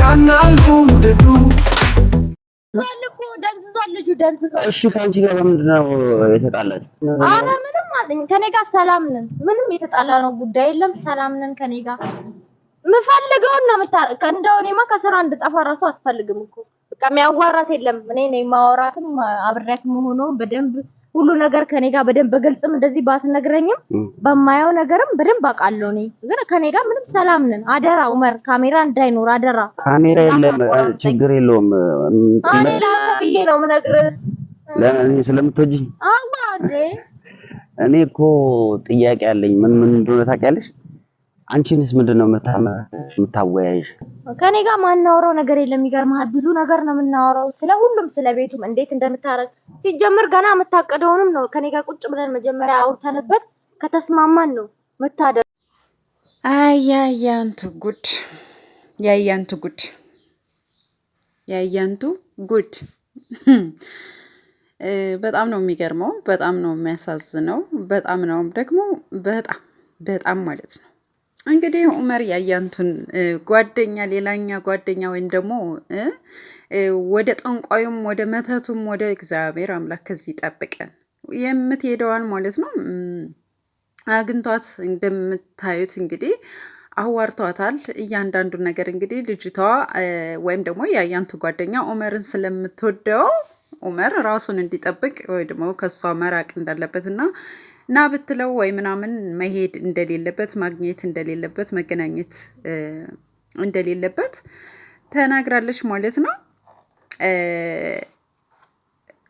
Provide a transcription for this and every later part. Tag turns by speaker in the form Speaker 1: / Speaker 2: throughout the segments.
Speaker 1: ሻናልኩ ሙደዱ
Speaker 2: ደንዝዟል። ልጁ ደንዝዟል።
Speaker 3: እሺ፣ ከአንቺ ጋር በምንድን ነው የተጣላችሁ?
Speaker 2: ኧረ ምንም አለኝ። ከኔ ጋር ሰላም ነን። ምንም የተጣላ ነው ጉዳይ የለም። ሰላም ነን። ከኔ ጋር የምፈልገውን ነው የምታረቅ። እንደው እኔማ ከስራ እንድጠፋ እራሱ አትፈልግም እኮ በቃ የሚያዋራት የለም። እኔ ነኝ የማወራትም አብሬያት መሆኑን በደንብ ሁሉ ነገር ከኔ ጋር በደንብ በግልጽም እንደዚህ ባትነግረኝም በማየው ነገርም በደንብ አውቃለሁ። እኔ ግን ከኔ ጋር ምንም ሰላም ነን። አደራ ዑመር፣ ካሜራ እንዳይኖር አደራ።
Speaker 3: ካሜራ የለም፣ ችግር የለውም።
Speaker 2: ብዬ ነው የምነግርህ።
Speaker 3: ለምን ስለምትወጂ? እኔ እኮ ጥያቄ አለኝ። ምን ምን እንደሆነ ታውቂያለሽ? አንቺንስ ምንድን ነው የምታወያይሽ?
Speaker 2: ከኔ ጋር ማናወራው ነገር የለም። ይገርምሃል፣ ብዙ ነገር ነው የምናወራው፣ ስለ ሁሉም፣ ስለ ቤቱም እንዴት እንደምታረግ ሲጀምር ገና የምታቀደውንም ነው። ከኔ ጋር ቁጭ ብለን መጀመሪያ አውርተንበት ከተስማማን ነው የምታደርገው።
Speaker 4: አያያንቱ ጉድ፣ ያያንቱ ጉድ፣ ያያንቱ ጉድ። በጣም ነው የሚገርመው፣ በጣም ነው የሚያሳዝነው፣ በጣም ነው ደግሞ በጣም በጣም ማለት ነው እንግዲህ ኡመር ያያንቱን ጓደኛ ሌላኛ ጓደኛ ወይም ደግሞ ወደ ጠንቋዩም ወደ መተቱም ወደ እግዚአብሔር አምላክ ከዚህ ይጠብቀን የምትሄደዋን ማለት ነው። አግኝቷት እንደምታዩት እንግዲህ አዋርቷታል። እያንዳንዱን ነገር እንግዲህ ልጅቷ ወይም ደግሞ የአያንቱ ጓደኛ ኡመርን ስለምትወደው ኡመር ራሱን እንዲጠብቅ ወይ ደግሞ ከእሷ መራቅ እንዳለበት ና ብትለው ወይ ምናምን መሄድ እንደሌለበት ማግኘት እንደሌለበት መገናኘት እንደሌለበት ተናግራለች ማለት ነው።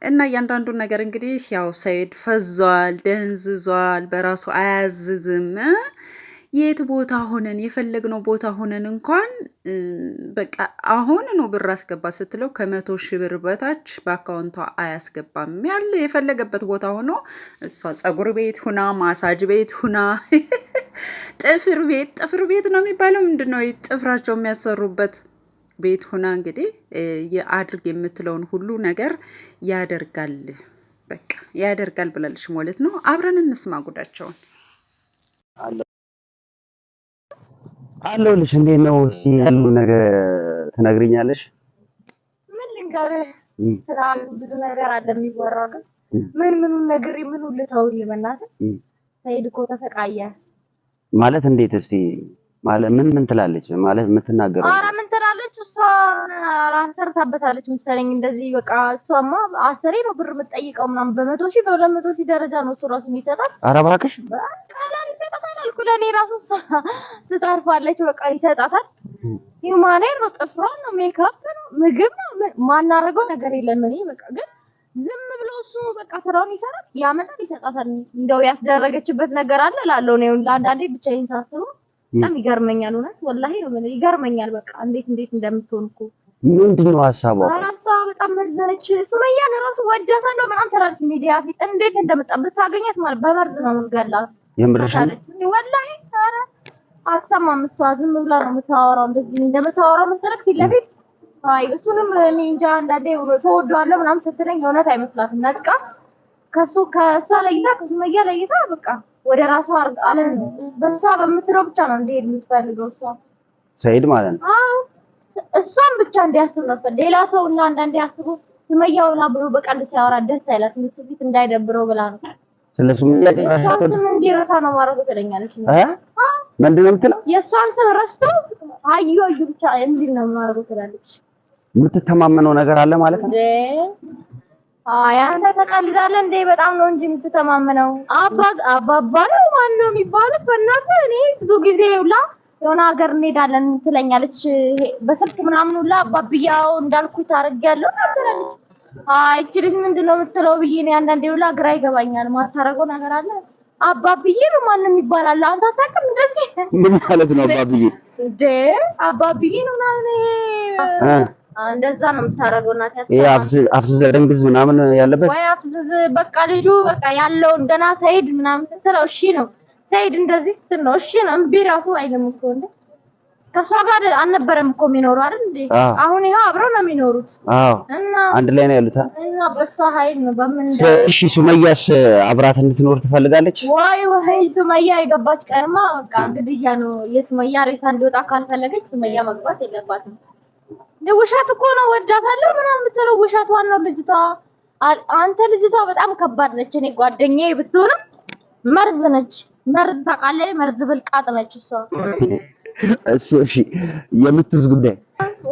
Speaker 4: እና እያንዳንዱ ነገር እንግዲህ ያው ሰይድ ፈዟል፣ ደንዝዟል፣ በራሱ አያዝዝም። የት ቦታ ሆነን የፈለግነው ቦታ ሆነን እንኳን በቃ አሁን ነው ብር አስገባ ስትለው ከመቶ ሺህ ብር በታች በአካውንቷ አያስገባም። ያለ የፈለገበት ቦታ ሆኖ እሷ ጸጉር ቤት ሁና ማሳጅ ቤት ሁና ጥፍር ቤት ጥፍር ቤት ነው የሚባለው ምንድን ነው ጥፍራቸው የሚያሰሩበት ቤት ሁና እንግዲህ የአድርግ የምትለውን ሁሉ ነገር ያደርጋል። በቃ ያደርጋል ብላለች ማለት ነው። አብረን እንስማ ጉዳቸውን።
Speaker 3: አለሁልሽ። እንዴት ነው? እስኪ ነገር ትነግሪኛለሽ?
Speaker 2: ምን ልንገርህ? ስራም ብዙ ነገር አለ የሚወራው፣ ግን ምን ምኑ ነግሪ፣ ምኑ ልተውልህ? በእናትህ ሰይድ እኮ ተሰቃየ
Speaker 3: ማለት። እንዴት እስቲ ማለት ምን ምን ትላለች ማለት የምትናገረው
Speaker 2: ከሆነች እሷ ራስ ሰርታበታለች መሰለኝ። እንደዚህ በቃ እሷማ አሰሬ ነው ብር የምጠይቀው ምናምን በመቶ ሺህ በሁለት መቶ ሺህ ደረጃ ነው እሱ ራሱ የሚሰጣል። ኧረ እባክሽ ቃላን ይሰጣታል አልኩ ለእኔ ራሱ እሷ ትጠርፋለች። በቃ ይሰጣታል። ሂማኔር ነው፣ ጥፍሯን ነው፣ ሜካፕ ነው፣ ምግብ ነው፣ ማናደርገው ነገር የለም። እኔ በቃ ግን ዝም ብሎ እሱ በቃ ስራውን ይሰራል፣ ያመጣል፣ ይሰጣታል። እንደው ያስደረገችበት ነገር አለ ላለው ነው። አንዳንዴ ብቻዬን ሳስበው በጣም ይገርመኛል። እውነት ወላሂ ነው ማለት ይገርመኛል። በቃ እንዴት እንዴት እንደምትሆን እኮ
Speaker 3: ምንድን ነው ሀሳቧ?
Speaker 2: እራሷ በጣም መዘነች። ሱመያን እራሱ ነው ምናምን ትላለች ሚዲያ ፊት እንዴት እንደመጣ ብታገኛት ማለት በመርዝ ነው የምንገላት። የምርሽን ወላሂ ኧረ አሰማም። እሷ ዝም ብላ ነው የምታወራው። እንደዚህ እንደምታወራው መሰለክ ፊት ለፊት አይ እሱንም እኔ እንጃ አንዳንዴ ተወዷለሁ ምናምን ስትለኝ የእውነት አይመስላትም። ነጥቃ ከሱ ከእሷ ለይታ ከሱመያ ለይታ በቃ ወደ ራሷ አለም ነው በሷ በምትለው ብቻ ነው እንዲሄድ የምትፈልገው እሷ ሰይድ ማለት ነው። እሷን ብቻ እንዲያስብ ነበር። ሌላ ሰው እና አንዳንዴ ያስቡ ስመያውና ብሎ በቀልድ ሲያወራ ደስ አይላት እሱ ፊት እንዳይደብረው ብላ ነው። ስለሱ ምን ስም እንዲረሳ ነው ማድረግ ትለኛለች። ምንድን ነው የምትለው? የእሷን ስም ረስቶ አዩ አዩ ብቻ እንዲል ነው ማድረግ ትላለች።
Speaker 3: የምትተማመነው ነገር አለ ማለት
Speaker 2: ነው። አይ አንተ ተቀልዳለህ እንዴ? በጣም ነው እንጂ የምትተማመነው። አባ አባባ ነው ማን ነው የሚባሉት? በእናትህ እኔ ብዙ ጊዜ ሁላ የሆነ ሀገር እንሄዳለን ትለኛለች በስልክ ምናምን ሁላ አባብያው እንዳልኩት አድርጌያለሁ ትላለች። አይ እቺ ልጅ ምንድን ነው የምትለው ብዬ ነው አንዳንዴ ሁላ ግራ ይገባኛል። ማታረገው ነገር አለ። አባብዬ ነው ማን ይባላል። የሚባላል? አንተ አታውቅም? እንደዚህ
Speaker 3: ምን ማለት ነው አባብዬ?
Speaker 2: እንደ አባብዬ ነው ምናምን እንደዛ ነው የምታደርገው። እናት
Speaker 3: አፍዝዘ ደንግዝ ምናምን ያለበት
Speaker 2: ወይ አፍዝዝ በቃ ልጁ በቃ ያለው እንደና ሰይድ ምናምን ስትለው እሺ ነው። ሰይድ እንደዚህ ስትል ነው እሺ ነው። እምቢ ራሱ አይልም እኮ እንዴ። ከእሷ ጋር አልነበረም እኮ የሚኖሩ አይደል እንዴ? አሁን ይኸው አብረው ነው የሚኖሩት።
Speaker 3: አዎ እና አንድ ላይ ነው ያሉት።
Speaker 2: እና በእሷ ኃይል ነው በምን
Speaker 3: እሺ። ሱመያስ አብራት እንድትኖር ትፈልጋለች
Speaker 2: ወይ? ወይ ሱመያ የገባች ቀርማ በቃ ግድያ ነው። የሱመያ ሬሳ እንዲወጣ ካልፈለገች ሱመያ መግባት የለባትም። ውሻት እኮ ነው ወዳታለሁ ምናምን የምትለው ውሻት። ዋናው ልጅቷ አንተ ልጅቷ በጣም ከባድ ነች። እኔ ጓደኛዬ ብትሆንም መርዝ ነች። መርዝ ታውቃለህ? መርዝ ብልቃጥ ነች እሷ።
Speaker 3: እሱ እሺ፣ የምትዝ ጉዳይ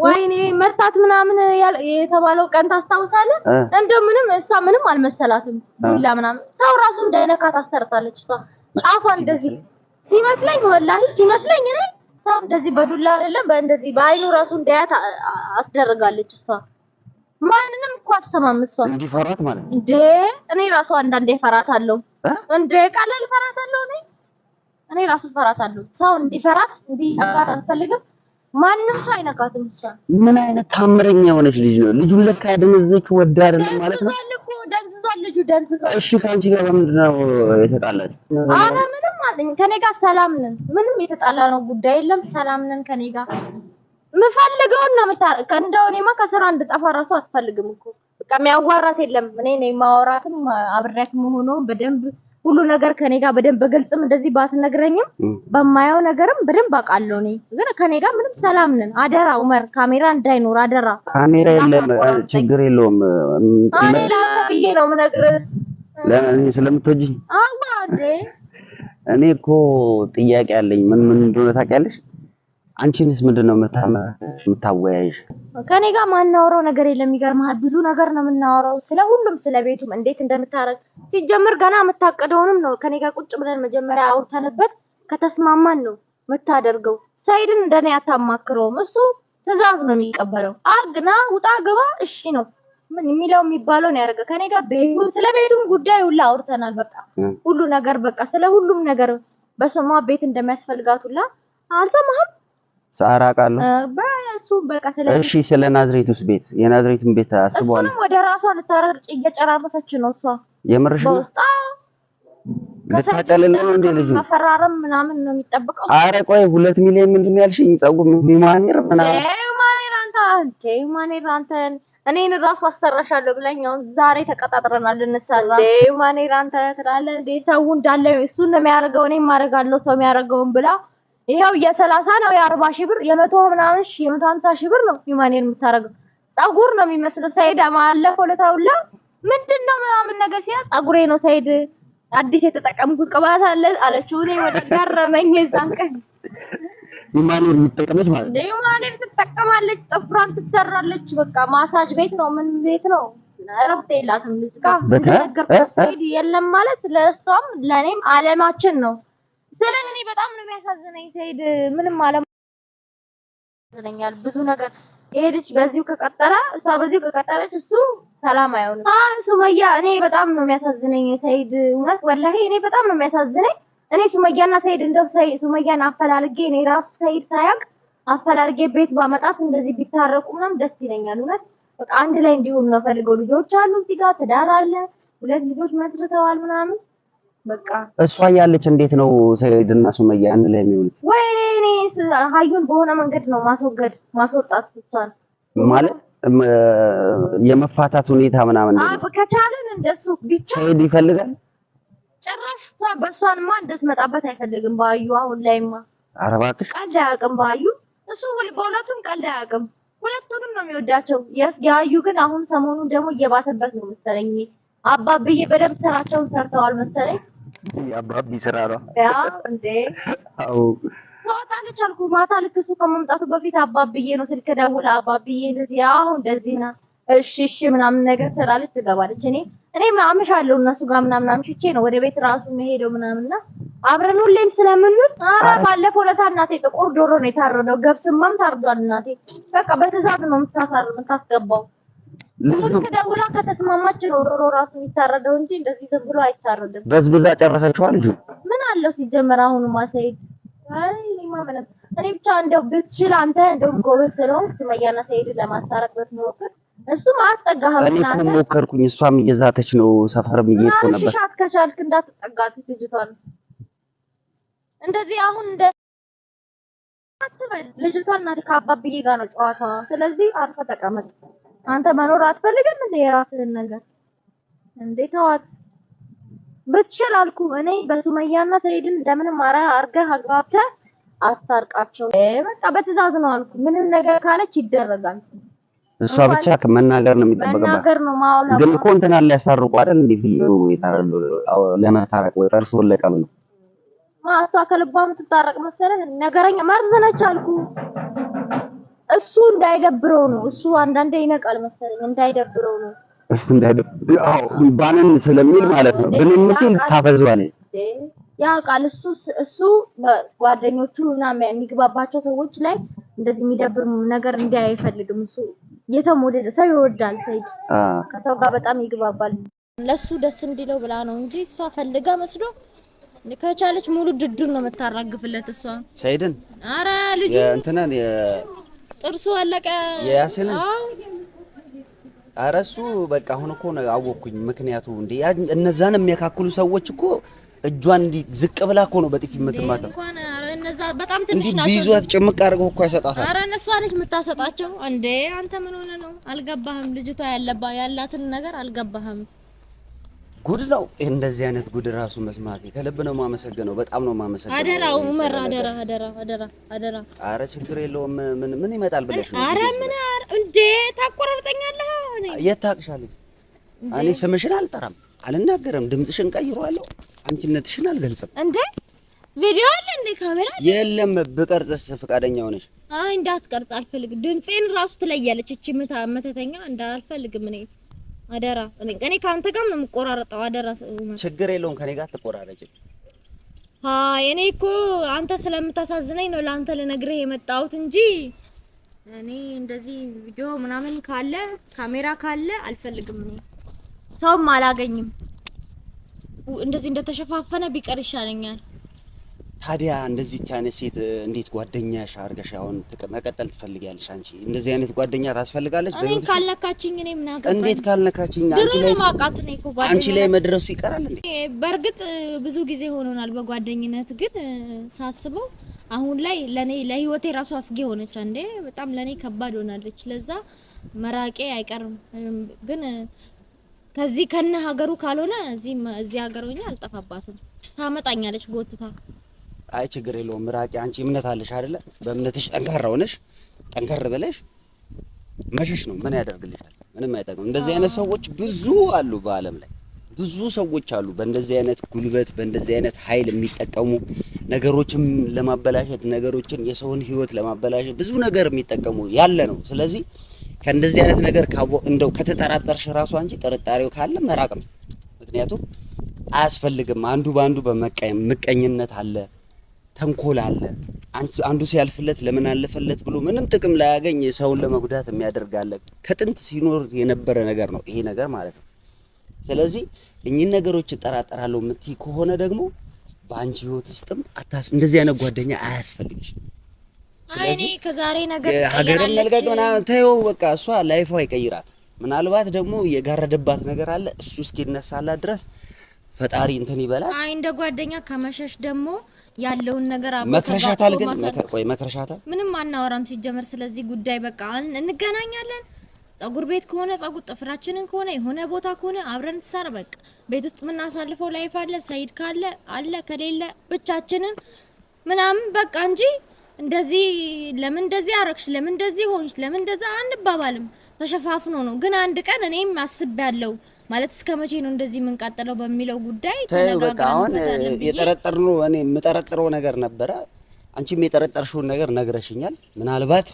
Speaker 2: ወይኔ መታት ምናምን የተባለው ቀን ታስታውሳለህ? እንደው ምንም እሷ ምንም አልመሰላትም። ሁላ ምናምን ሰው ራሱ እንዳይነካ ታሰርታለች እሷ ጫፏ እንደዚህ ሲመስለኝ፣ ወላሂ ሲመስለኝ እኔ ሰው እንደዚህ በዱላ አይደለም በእንደዚህ በአይኑ ራሱ እንዳያት አስደርጋለች። እሷ ማንንም እኮ አትሰማም። እሷ
Speaker 3: እንዲፈራት ማለት ነው
Speaker 2: እንዴ? እኔ ራሱ አንዳንዴ ፈራት አለው እንዴ? ቀላል ፈራት አለው። እኔ እኔ ራሱ ፈራት አለው። ሰው እንዲፈራት እንዲጠጋት አትፈልግም። ማንም ሰው አይነካትም።
Speaker 3: ምን አይነት ታምረኛ የሆነች ልጅ ነው! ልጁን ለካ ደነዘዘችው ወደ አይደለም
Speaker 2: ማለት ነው። ደንዝዟል፣ ልጁ ደንዝዟል።
Speaker 3: እሺ፣ ከአንቺ ጋር በምንድን ነው የተጣላች?
Speaker 2: ኧረ ምንም አለኝ። ከኔ ጋር ሰላም ነን፣ ምንም የተጣላ ነው ጉዳይ የለም። ሰላም ነን። ከኔ ጋር ምፈልገውን ነው የምታረቅ። እንደው እኔማ ከስራ እንድጠፋ ራሱ አትፈልግም እኮ በቃ የሚያዋራት የለም። እኔ ነኝ የማወራትም አብሬያት መሆኑ በደንብ ሁሉ ነገር ከኔ ጋር በደንብ በግልጽም እንደዚህ ባትነግረኝም በማየው ነገርም በደንብ አውቃለሁ። እኔ ግን ከኔ ጋር ምንም ሰላም ነን። አደራ ዑመር፣ ካሜራ እንዳይኖር አደራ።
Speaker 3: ካሜራ የለም፣ ችግር የለውም። እኔ
Speaker 2: ብዬ ነው የምነግርህ።
Speaker 3: ለምን ስለምትወጂኝ? እኔ እኮ ጥያቄ አለኝ። ምን ምን እንደሆነ ታውቂያለሽ? አንቺንስ ምንድን ነው የምታወያይሽ?
Speaker 2: ከኔ ጋር ማናወራው ነገር የለም። ይገርምሃል፣ ብዙ ነገር ነው የምናወራው፣ ስለ ሁሉም፣ ስለ ቤቱም እንዴት እንደምታረግ ሲጀምር ገና የምታቀደውንም ነው። ከኔ ጋር ቁጭ ብለን መጀመሪያ አውርተንበት ከተስማማን ነው የምታደርገው። ሰይድን እንደኔ አታማክረውም። እሱ ትዕዛዝ ነው የሚቀበለው። አርግና ውጣ ግባ፣ እሺ ነው ምን የሚለው የሚባለው ነው ያደረገ። ከኔ ጋር ቤቱም ስለ ቤቱም ጉዳይ ሁላ አውርተናል። በቃ ሁሉ ነገር በቃ ስለ ሁሉም ነገር በስሟ ቤት እንደሚያስፈልጋት ሁላ አልሰማህም?
Speaker 3: ሳራ ቃለሁ በሱ በቃ ስለ እሺ፣ ስለ ናዝሬቱስ ቤት የናዝሬቱን ቤት አስቧል።
Speaker 2: እሱንም ወደ ራሷ ልታረግጭ እየጨራረሰች ነው እሷ የምርሽ ነው። በውስጣ
Speaker 3: ልታጨልል ነው
Speaker 2: እንዴ ልጁ? መፈራረም ምናምን ነው የሚጠብቀው።
Speaker 3: አረ ቆይ ሁለት ሚሊዮን ምንድን ነው ያልሽኝ? ጸጉም ሂውማኔር
Speaker 2: ምናምን ሂውማኔር አንተ አንተ ሂውማኔር አንተን እኔን ራሱ አሰራሻለሁ ብለኛው ዛሬ ተቀጣጥረናል። ልንሰራ ሂውማኔር አንተ ትላለህ እንዴ? ሰው እንዳለ እሱ ነው የሚያደርገው እኔ ማደርጋለሁ ሰው የሚያደርገውን ብላ ይኸው የሰላሳ ነው የአርባ ሺህ ብር የመቶ ምናምን ሺህ የመቶ ሀምሳ ሺህ ብር ነው ሂማኔን የምታደርገው። ፀጉር ነው የሚመስለው ሰይድ ማለፈው ለታውላ ምንድን ነው ምናምን ነገር ሲያ ፀጉሬ ነው ሰይድ አዲስ የተጠቀምኩት ቅባት አለ አለችው። እኔ ወደ ገረመኝ የዛን ቀን
Speaker 3: ሂማኔል ትጠቀመች ማለት
Speaker 2: ነው። ሂማኔል ትጠቀማለች፣ ጥፍሯን ትሰራለች። በቃ ማሳጅ ቤት ነው ምን ቤት ነው እረፍት የላትም ልጅ ጋር
Speaker 3: ነገር
Speaker 2: ሰይድ የለም ማለት ለእሷም ለእኔም አለማችን ነው። ስለ እኔ በጣም ነው የሚያሳዝነኝ። ሰይድ ምንም አለ ያሳዝነኛል። ብዙ ነገር ሄድች በዚሁ ከቀጠለ እሷ በዚሁ ከቀጠለች እሱ ሰላም አይሆንም። አይ ሱመያ፣ እኔ በጣም ነው የሚያሳዝነኝ ሰይድ እውነት ወላሂ፣ እኔ በጣም ነው የሚያሳዝነኝ። እኔ ሱመያና ሰይድ እንደው ሱመያን አፈላልጌ እኔ ራሱ ሰይድ ሳያውቅ አፈላልጌ ቤት ባመጣት እንደዚህ ቢታረቁ ምናምን ደስ ይለኛል። እውነት በቃ አንድ ላይ እንዲሆኑ ነው ፈልገው። ልጆች አሉ እዚህ ጋር ትዳር አለ፣ ሁለት ልጆች መስርተዋል ምናምን
Speaker 3: እሷ ያለች እንዴት ነው ሰይድና ሱመያ አንድ ላይ የሚሆኑት?
Speaker 2: ወይኔ ሀዩን በሆነ መንገድ ነው ማስወገድ ማስወጣት እሷን
Speaker 3: ማለት የመፋታት ሁኔታ ምናምን
Speaker 2: ከቻለን እንደሱ ብቻ
Speaker 3: ሰይድ ይፈልጋል።
Speaker 2: ጭራሽ በእሷንማ እንድትመጣበት አይፈልግም። በአዩ አሁን ላይማ ኧረ እባክሽ ቀልድ አያውቅም። በአዩ እሱ በሁለቱም ቀልድ አያውቅም። ሁለቱንም ነው የሚወዳቸው። የአዩ ግን አሁን ሰሞኑን ደግሞ እየባሰበት ነው መሰለኝ። አባብዬ በደንብ ስራቸውን ሰርተዋል መሰለኝ
Speaker 3: የአባቢ ስራ ነው
Speaker 2: እንዴ? ትወጣለች አልኩ። ማታ ልክ እሱ ከመምጣቱ በፊት አባብዬ ነው ስልክ ደውላ አባብዬ እንደዚህ አሁን እንደዚህ ና እሺ እሺ ምናምን ነገር ትላለች፣ ትገባለች። እኔ እኔ አምሻለሁ እነሱ ጋር ምናምን አምሽቼ ነው ወደ ቤት ራሱ መሄደው ምናምን እና አብረን ሁሌም ስለምንል ኧረ ባለፈው ዕለት እናቴ ጥቁር ዶሮ ነው የታረደው፣ ገብስማም ታርዷል እናቴ። በቃ በትዕዛዝ ነው የምታሳር የምታስገባው ስልክ ደውላ ከተስማማች ነው ዶሮ ራሱ የሚታረደው እንጂ እንደዚህ ዝም ብሎ አይታረድም።
Speaker 3: በዝብዛ ጨረሰችዋል። ልጁ
Speaker 2: ምን አለው ሲጀመር? አሁኑ ማሳየት አይ ማመነ እኔ ብቻ እንደው ብትችል አንተ እንደው ጎበዝ ስለሆንክ ሱመያና ሰይድ ለማስታረቅ ብትሞክር እሱም አስጠጋኸው።
Speaker 3: እኔ እኮ ሞከርኩኝ፣ እሷም እየዛተች ነው፣ ሰፈርም
Speaker 2: እየሄድኩ ነበር። ሽሻት ከቻልክ እንዳትጠጋት ልጅቷን እንደዚህ አሁን እንደ ልጅቷን ከአባብዬ ጋር ነው ጨዋታዋ። ስለዚህ አርፈህ ተቀመጥ። አንተ መኖር አትፈልግም እንዴ? የራስህን ነገር እንዴ ተዋት ብትችል አልኩ እኔ በሱመያና ሰይድን ለምን ማራ አርገህ አግባብተህ አስታርቃቸው። በቃ በትዕዛዝ ነው አልኩ። ምንም ነገር ካለች ይደረጋል።
Speaker 3: እሷ ብቻ መናገር ነው ማውላ። ግን እኮ እንትና ያሳርቁ አይደል እንዴ? ፊልሙ ይታረሉ ለመታረቅ ወይ ፈርሶ ለቀም ነው
Speaker 2: ማ እሷ ከልቧ የምትታረቅ መሰለህ? ነገረኛ መርዝ ነች አልኩ እሱ እንዳይደብረው ነው። እሱ አንዳንዴ ይነቃል መሰለኝ እንዳይደብረው ነው።
Speaker 3: እሱ እንዳይደብረው አዎ፣ ባንን ስለሚል ማለት ነው። ብንም ሲል ታፈዟለች
Speaker 2: ያ ቃል እሱ እሱ ጓደኞቹ ምናምን የሚግባባቸው ሰዎች ላይ እንደዚህ የሚደብር ነገር እንዲያ አይፈልግም። እሱ የተሞደደ ሰው ይወዳል። ሰይድ ከሰው ጋር በጣም ይግባባል። ለሱ ደስ እንዲለው ብላ ነው እንጂ እሷ ፈልጋ መስሎ ከቻለች ሙሉ ድዱን ነው የምታራግፍለት እሷ ሰይድን። ኧረ ልጁ እንትናን ጥርሱ አለቀ።
Speaker 3: ያስን አረሱ በቃ አሁን እኮ አወቅኩኝ። ምክንያቱ እንዴ እነዛን የሚያካክሉ ሰዎች እኮ እጇን እንዲህ ዝቅ ብላ እኮ ነው በጥፊ የምትማታው። እንዲህ ቢይዟት ጭምቅ አድርገው እኮ ያሰጣታል።
Speaker 2: አረ እሷ ነች የምታሰጣቸው። እንዴ አንተ ምን ሆነ ነው? አልገባህም? ልጅቷ ያለባ ያላትን ነገር አልገባህም?
Speaker 3: ጉድ ነው እንደዚህ አይነት ጉድ ራሱ መስማት ከልብ ነው የማመሰግነው። በጣም ነው የማመሰግነው።
Speaker 2: አደራ ኡመር፣ አደራ፣ አደራ፣ አደራ፣ አደራ።
Speaker 3: አረ ችግር የለውም። ምን ምን ይመጣል
Speaker 2: ብለሽ ነው? ኧረ ምን እንዴ ታቆራርጠኛለህ?
Speaker 3: የት ታውቅሻለች? እኔ ስምሽን አልጠራም፣ አልናገርም። ድምጽሽን ቀይሯለሁ። አንቺነትሽን አልገልጽም።
Speaker 2: እንዴ ቪዲዮ አለ እንዴ? ካሜራ
Speaker 3: የለም። ብቀርጽስ ፈቃደኛ ሆነሽ?
Speaker 2: አይ እንዳትቀርጽ አልፈልግም። ድምጼን ራሱ ትለያለች እቺ መተተኛ። እንዳልፈልግም እኔ አደራ እኔ ከአንተ ጋር ነው የምቆራረጠው። አደራ
Speaker 3: ችግር የለውም ከኔ ጋር አትቆራረጭ።
Speaker 2: አይ እኔ እኮ አንተ ስለምታሳዝነኝ ነው ለአንተ ልነግርህ የመጣሁት እንጂ እኔ እንደዚህ ቪዲዮ ምናምን ካለ ካሜራ ካለ አልፈልግም። እኔ ሰውም አላገኝም። እንደዚህ እንደተሸፋፈነ ቢቀር ይሻለኛል።
Speaker 3: ታዲያ እንደዚህ አይነት ሴት እንዴት ጓደኛሽ አድርገሽ አሁን መቀጠል ትፈልጊያለሽ? አንቺ እንደዚህ አይነት ጓደኛ ታስፈልጋለች?
Speaker 2: እኔ ካልነካችኝ እኔ ምን
Speaker 3: አገባኝ? እንዴት ካልነካችኝ
Speaker 2: አንቺ ላይ ማቃት ነው እኮ
Speaker 3: ጓደኛ አንቺ ላይ መድረሱ ይቀራል እንዴ?
Speaker 2: በእርግጥ ብዙ ጊዜ ሆኖናል በጓደኝነት ግን ሳስበው አሁን ላይ ለኔ ለህይወቴ ራሱ አስጊ ሆነች። እንዴ በጣም ለኔ ከባድ ሆናለች። ለዛ መራቄ አይቀርም ግን ከዚህ ከነ ሀገሩ ካልሆነ እዚህ እዚህ ሀገር ሆኜ አልጠፋባትም። ታመጣኛለች ጎትታ
Speaker 3: አይ ችግር የለውም ምራቂ፣ አንቺ እምነት አለሽ አይደለ? በእምነትሽ ጠንካራ ሆነሽ ጠንከር ብለሽ መሸሽ ነው። ምን ያደርግልሻል? ምንም አይጠቅም። እንደዚህ አይነት ሰዎች ብዙ አሉ በአለም ላይ ብዙ ሰዎች አሉ። በእንደዚህ አይነት ጉልበት በእንደዚህ አይነት ኃይል የሚጠቀሙ ነገሮችን ለማበላሸት ነገሮችን የሰውን ህይወት ለማበላሸት ብዙ ነገር የሚጠቀሙ ያለ ነው። ስለዚህ ከእንደዚህ አይነት ነገር እንደው ከተጠራጠርሽ ራሱ አንቺ ጥርጣሬው ካለ መራቅ ነው። ምክንያቱም አያስፈልግም። አንዱ በአንዱ በመቀኝነት አለ ተንኮል አለ። አንዱ ሲያልፍለት ለምን አለፈለት ብሎ ምንም ጥቅም ላያገኝ ሰውን ለመጉዳት የሚያደርግ አለ። ከጥንት ሲኖር የነበረ ነገር ነው ይሄ ነገር ማለት ነው። ስለዚህ እኚህን ነገሮች እጠራጠራለሁ የምትይ ከሆነ ደግሞ በአንቺ ህይወት ውስጥም እንደዚህ አይነት ጓደኛ አያስፈልግሽ።
Speaker 2: ስለዚህ ከዛሬ ነገር
Speaker 3: ሀገርም መልቀቅ ምናምን ተይው፣ በቃ እሷ ላይፏ ይቀይራት። ምናልባት ደግሞ የጋረደባት ነገር አለ እሱ እስኪነሳላት ድረስ ፈጣሪ እንትን ይበላል።
Speaker 2: አይ እንደ ጓደኛ ከመሸሽ ደግሞ ያለውን ነገር
Speaker 3: አብሮ መክረሻታል። ግን ወይ መክረሻታል።
Speaker 2: ምንም አናወራም ሲጀመር ስለዚህ ጉዳይ በቃ እንገናኛለን። ጸጉር ቤት ከሆነ ጸጉር፣ ጥፍራችንን ከሆነ የሆነ ቦታ ከሆነ አብረን ሰር በቃ ቤት ውስጥ የምናሳልፈው ላይፍ አለ። ሰይድ ካለ አለ፣ ከሌለ ብቻችንን ምናምን በቃ እንጂ እንደዚህ ለምን እንደዚህ አረግሽ፣ ለምን እንደዚህ ሆንሽ፣ ለምን እንደዛ አንባባልም። ተሸፋፍኖ ነው ግን አንድ ቀን እኔም አስቤያለሁ ማለት እስከ መቼ ነው እንደዚህ የምንቃጠለው በሚለው ጉዳይ
Speaker 3: ተነጋግረን የጠረጠርነው እኔ የምጠረጥረው ነገር ነበረ። አንቺም የጠረጠርሽውን ነገር ነግረሽኛል። ምናልባት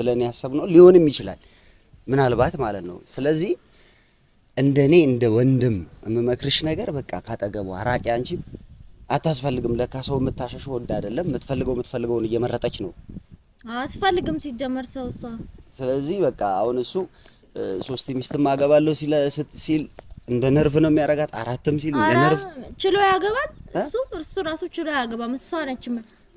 Speaker 3: ብለን ያሰብነው ሊሆንም ይችላል ምናልባት ማለት ነው። ስለዚህ እንደኔ እንደ ወንድም የምመክርሽ ነገር በቃ ካጠገቡ አራቂ አንቺ አታስፈልግም። ለካ ሰው የምታሸሸው ወድ አይደለም። የምትፈልገው የምትፈልገውን እየመረጠች ነው።
Speaker 2: አስፈልግም ሲጀመር ሰው እሷ።
Speaker 3: ስለዚህ በቃ አሁን እሱ ሶስት ሚስትም አገባለሁ ሲል እንደ ነርቭ ነው የሚያረጋት። አራትም ሲል
Speaker 2: እንደ ነርቭ ችሎ ያገባል። እሱ እርሱ ራሱ ችሎ ያገባም። እሷ ነች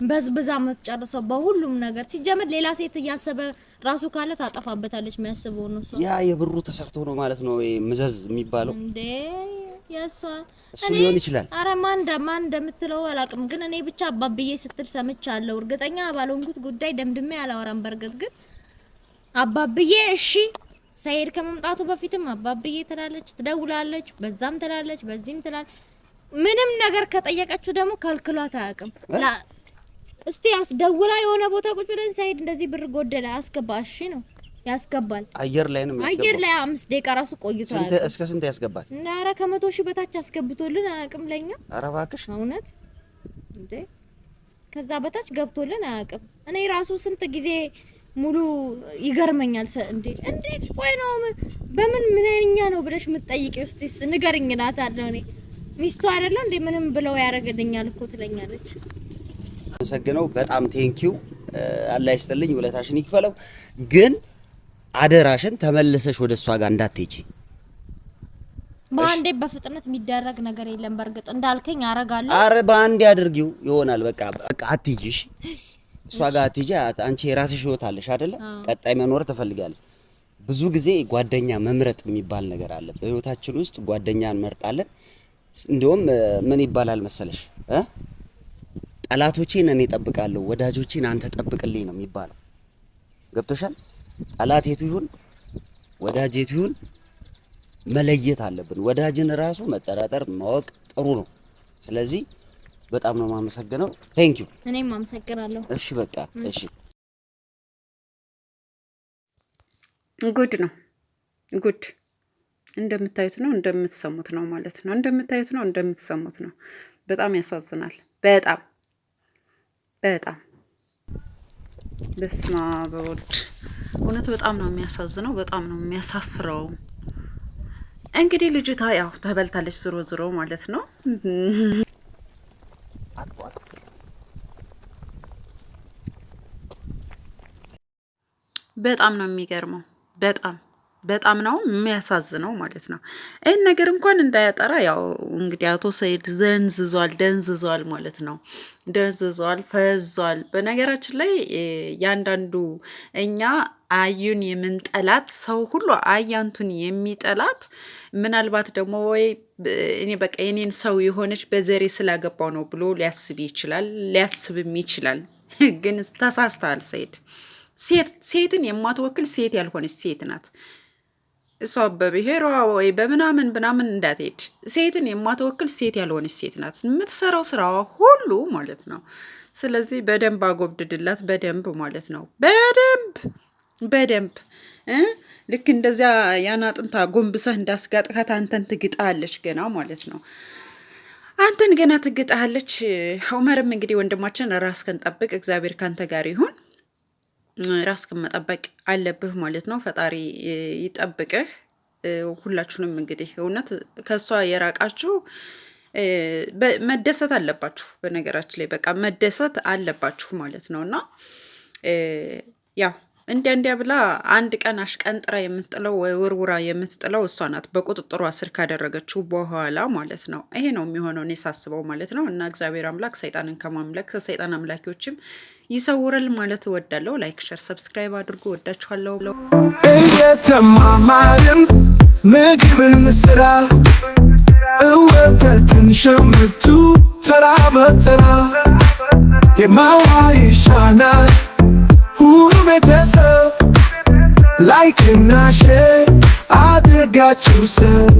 Speaker 2: በዝብዛ የምትጨርሰው በሁሉም ነገር። ሲጀምር ሌላ ሴት እያሰበ ራሱ ካለ ታጠፋበታለች። የሚያስበው ነው
Speaker 3: ያ የብሩ ተሰርቶ ነው ማለት ነው ምዘዝ የሚባለው
Speaker 2: እንዴ እሱ ሊሆን ይችላል። አረ ማን ማን እንደምትለው አላውቅም፣ ግን እኔ ብቻ አባብዬ ስትል ሰምቻለሁ። እርግጠኛ ባልሆንኩት ጉዳይ ደምድሜ አላወራም። በእርግጥ ግን አባብዬ እሺ ሰይድ ከመምጣቱ በፊትም አባብዬ ትላለች፣ ትደውላለች፣ በዛም ትላለች፣ በዚህም ትላል። ምንም ነገር ከጠየቀችው ደግሞ ከልክሏት አያውቅም። እስቲ አስደውላ የሆነ ቦታ ቁጭ ብለን ሰይድ እንደዚህ ብር ጎደለ አስገባ፣ እሺ ነው ያስገባል። አየር ላይ ነው አየር ላይ አምስት ደቂቃ ራሱ
Speaker 3: ቆይቶ እስከ ስንት ያስገባል?
Speaker 2: ኧረ ከመቶ ሺህ በታች አስገብቶልን አያውቅም ለኛ። ኧረ እባክሽ እውነት እንዴ! ከዛ በታች ገብቶልን አያውቅም። እኔ ራሱ ስንት ጊዜ ሙሉ ይገርመኛል። እንዴት እንዴት ቆይ ነው በምን ምንኛ ነው ብለሽ የምትጠይቂ ውስጥ ንገርኝ እላታለሁ። እኔ ሚስቱ አይደለ እንዴ ምንም ብለው ያደረገልኛል እኮ ትለኛለች።
Speaker 3: አመሰግነው በጣም ቴንኪው። አላህ ይስጥልኝ፣ ውለታሽን ይክፈለው። ግን አደራሽን ተመልሰሽ ወደ እሷ ጋር እንዳትሄጂ።
Speaker 2: በአንዴ በፍጥነት የሚደረግ ነገር የለም። በእርግጥ እንዳልከኝ አረጋለሁ።
Speaker 3: አረ በአንዴ አድርጊው ይሆናል። በቃ በቃ አትይሽ እሷ ጋር አትሄጂ። አንቺ የራስሽ ህይወት አለሽ አይደለ? ቀጣይ መኖር ትፈልጋለሽ። ብዙ ጊዜ ጓደኛ መምረጥ የሚባል ነገር አለ። በህይወታችን ውስጥ ጓደኛ እንመርጣለን። እንዲሁም ምን ይባላል መሰለሽ እ ጠላቶቼን እኔ እጠብቃለሁ፣ ወዳጆቼን አንተ ጠብቅልኝ ነው የሚባለው። ገብቶሻል? ጠላት የቱ ይሁን ወዳጅ የቱ ይሁን መለየት አለብን። ወዳጅን ራሱ መጠራጠር ማወቅ ጥሩ ነው። ስለዚህ በጣም ነው የማመሰግነው። ቴንክ ዩ።
Speaker 2: እኔም አመሰግናለሁ።
Speaker 3: እሺ በቃ እሺ።
Speaker 4: ጉድ ነው ጉድ። እንደምታዩት ነው እንደምትሰሙት ነው ማለት ነው። እንደምታዩት ነው እንደምትሰሙት ነው። በጣም ያሳዝናል። በጣም በጣም በስመ አብ ወወልድ። እውነት በጣም ነው የሚያሳዝነው። በጣም ነው የሚያሳፍረው። እንግዲህ ልጅቷ ያው ተበልታለች ዝሮ ዝሮ ማለት ነው። በጣም ነው የሚገርመው። በጣም በጣም ነው የሚያሳዝነው ማለት ነው። ይህን ነገር እንኳን እንዳያጠራ ያው እንግዲህ አቶ ሰይድ ዘንዝዟል፣ ደንዝዟል ማለት ነው። ደንዝዟል፣ ፈዟል። በነገራችን ላይ ያንዳንዱ እኛ አዩን የምንጠላት ሰው ሁሉ አያንቱን የሚጠላት ምናልባት ደግሞ ወይ እኔ በቃ የኔን ሰው የሆነች በዘሬ ስላገባው ነው ብሎ ሊያስብ ይችላል፣ ሊያስብም ይችላል። ግን ተሳስተሃል ሰይድ ሴት ሴትን የማትወክል ሴት ያልሆነች ሴት ናት። እሷ በብሔሯ ወይ በምናምን ምናምን እንዳትሄድ ሴትን የማትወክል ሴት ያልሆነች ሴት ናት የምትሰራው ስራዋ ሁሉ ማለት ነው። ስለዚህ በደንብ አጎብድድላት፣ በደንብ ማለት ነው። በደንብ በደንብ ልክ እንደዚያ ያን አጥንታ ጎንብሰህ እንዳስጋጥካት አንተን ትግጣለች ገና ማለት ነው። አንተን ገና ትግጣለች። ዑመርም እንግዲህ ወንድማችን ራስህን ጠብቅ፣ እግዚአብሔር ካንተ ጋር ይሁን። ራስክን መጠበቅ አለብህ ማለት ነው። ፈጣሪ ይጠብቅህ። ሁላችሁንም እንግዲህ እውነት ከእሷ የራቃችሁ መደሰት አለባችሁ። በነገራችን ላይ በቃ መደሰት አለባችሁ ማለት ነው እና ያው እንዲያ እንዲያ ብላ አንድ ቀን አሽቀንጥራ የምትጥለው ወይ ውርውራ የምትጥለው እሷ ናት፣ በቁጥጥሯ ስር ካደረገችው በኋላ ማለት ነው። ይሄ ነው የሚሆነው እኔ ሳስበው ማለት ነው። እና እግዚአብሔር አምላክ ሰይጣንን ከማምለክ ሰይጣን አምላኪዎችም ይሰውረል ማለት እወዳለሁ። ላይክ፣ ሸር፣ ሰብስክራይብ አድርጉ። ወዳችኋለሁ። እየተማማርን ምግብን ስራ እወተትን ሸምቱ ተራ በተራ የማዋ ይሻናል ሁሉ ቤተሰብ ላይክና ሼር አድርጋችሁ ሰብ